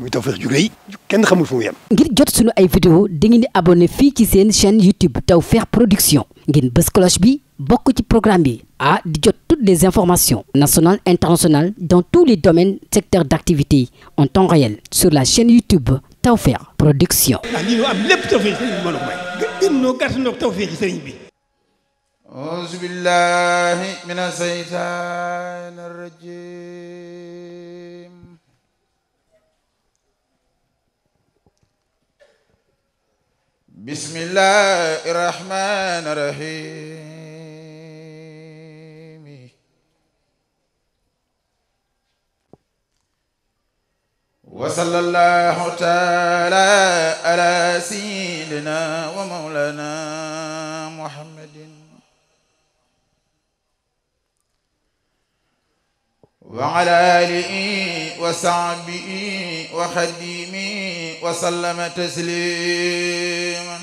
muy Tawfekh ju rëy kenn xamul fu mu yem. ngir jot sunu ay vidéo dangeen di abonné fii ci seen chaîne YouTube Tawfekh Production ngeen bës cloche bi bokk ci programme bi ah di jot toutes les informations nationales internationales dans tous les domaines secteurs d'activité en temps réel sur la chaîne YouTube Tawfekh Production. ah lii am lépp tawfeex ci sëriñ bi mbooloo mooy. gën gën ñoo gàtt ñoo tawfeex ci sëriñ bi. auzu billahi mina shaytaani rajiim. bismillahi irrahmani irrahim wa sallallahu taala ala sayyidina wa mawlana muhammadin wa ala alihi وصحبه وخديمه وسلم تسليما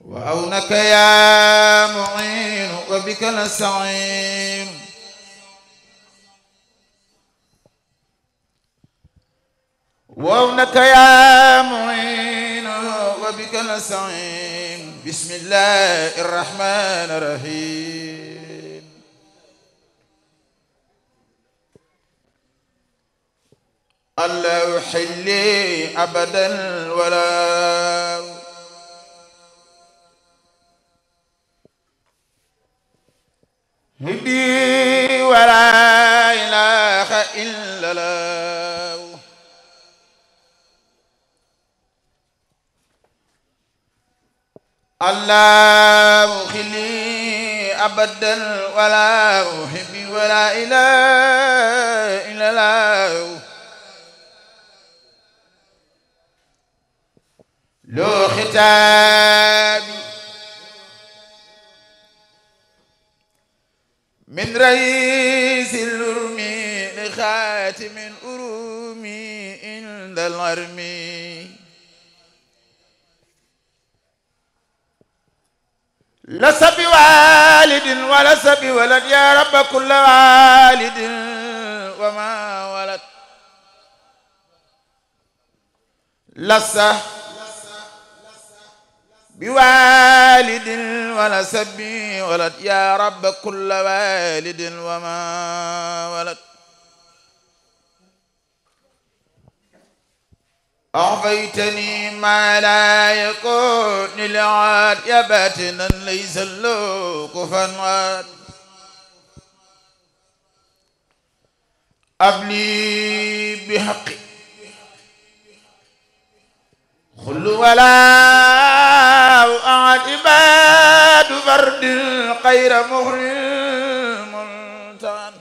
وعونك يا معين وبك نستعين وعونك يا معين وبك نستعين بسم الله الرحمن الرحيم ولا أحلي أبدا ولا هدي ولا إله إلا الله الله خلي أبدا ولا أحبي ولا إله إلا الله loo xitaabi min raysi lurmi li xaatimin urumi inda larmi la sabi walidin wala sabi walad ya rabba kulla walidin wa ma walad la sa بوالد ولا سبي ولد يا رب كل والد وما ولد أعفيتني ما لا يكون للعاد يا باتنا ليس له كفا عاد أبلي بحقي خل ولا أو عباد فرد غير محرم منتان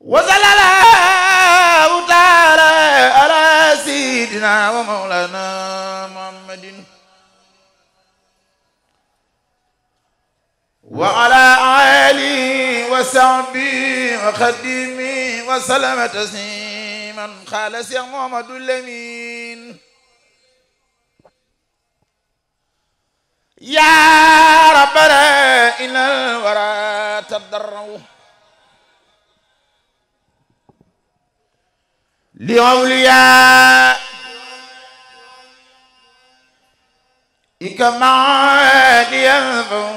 وصلى الله تعالى على سيدنا ومولانا محمد وعلى آله وصحبه وخدمه وسلم تسليما قال سيدنا محمد الأمين yaa rabbana ilal wara tadarraw li awliyaa ika maadiyan faw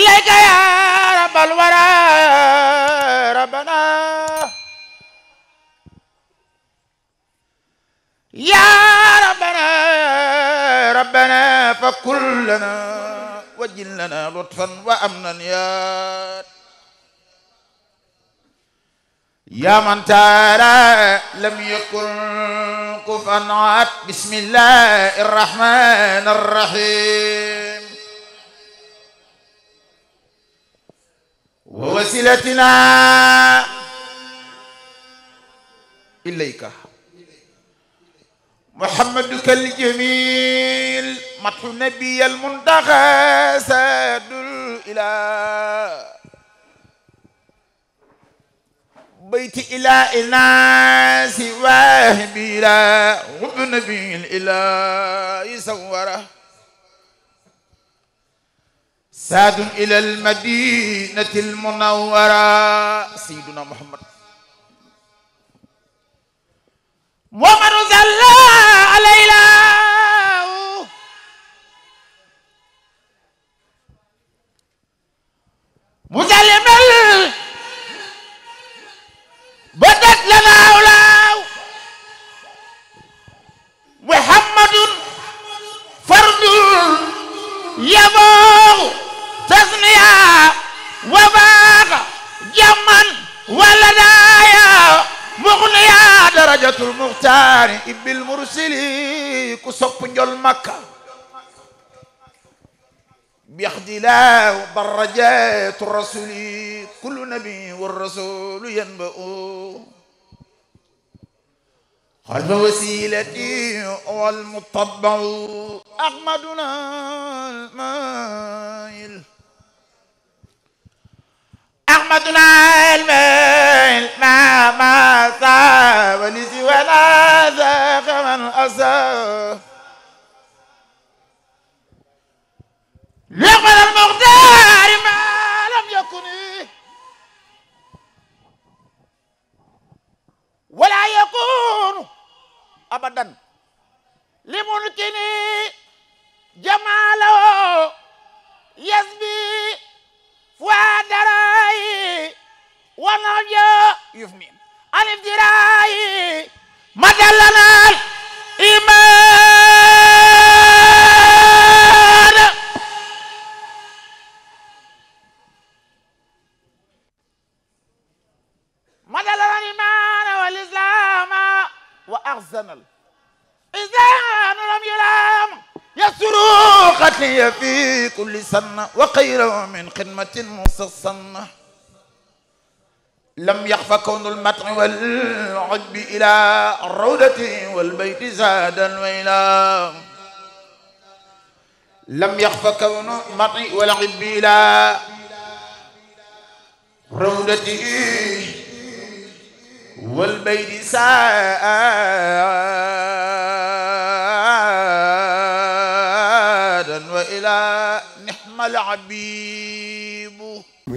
ilayka yaa rabbal wara rabbana yaa kun lana wajjil lana lutfan wa amnan ya ya man taala lam yakun kufan at bismillahi arrahmani arrahim wa wasilatina ilayka muhammaduka aljamil مدح نبي المنتقى ساد الإله بيت إله الناس واهبي لا حب نبي الإله سوره ساد إلى المدينة المنورة سيدنا محمد محمد صلى على ولدايا مغنيا درجة المختار إب المرسل كسب نجل مكة بيخدي له برجاة الرسول كل نبي والرسول ينبؤ خلف وسيلتي والمطبع أحمدنا المائل رحمتنا الميل ما ما ساب ولسوانا ذاق من أصاب يقبل المقدار ما لم يكن ولا يكون أبدا لملكني جماله يسبي فؤاد والرجاء يفمين عن ابتلائي مدى لنا الإيمان مدى لنا الإيمان والإسلام وأحسن الإذان لم يلام يسر قتلي في كل سنة وخير من خدمة مستسنة lam yaxfa kawnul mat wal ojbi ila rawdati wal bayti zaadan wayla lam yaxfa kawnul mat wal ojbi ila rawdati wal bayti zaadan wayla nixmal abid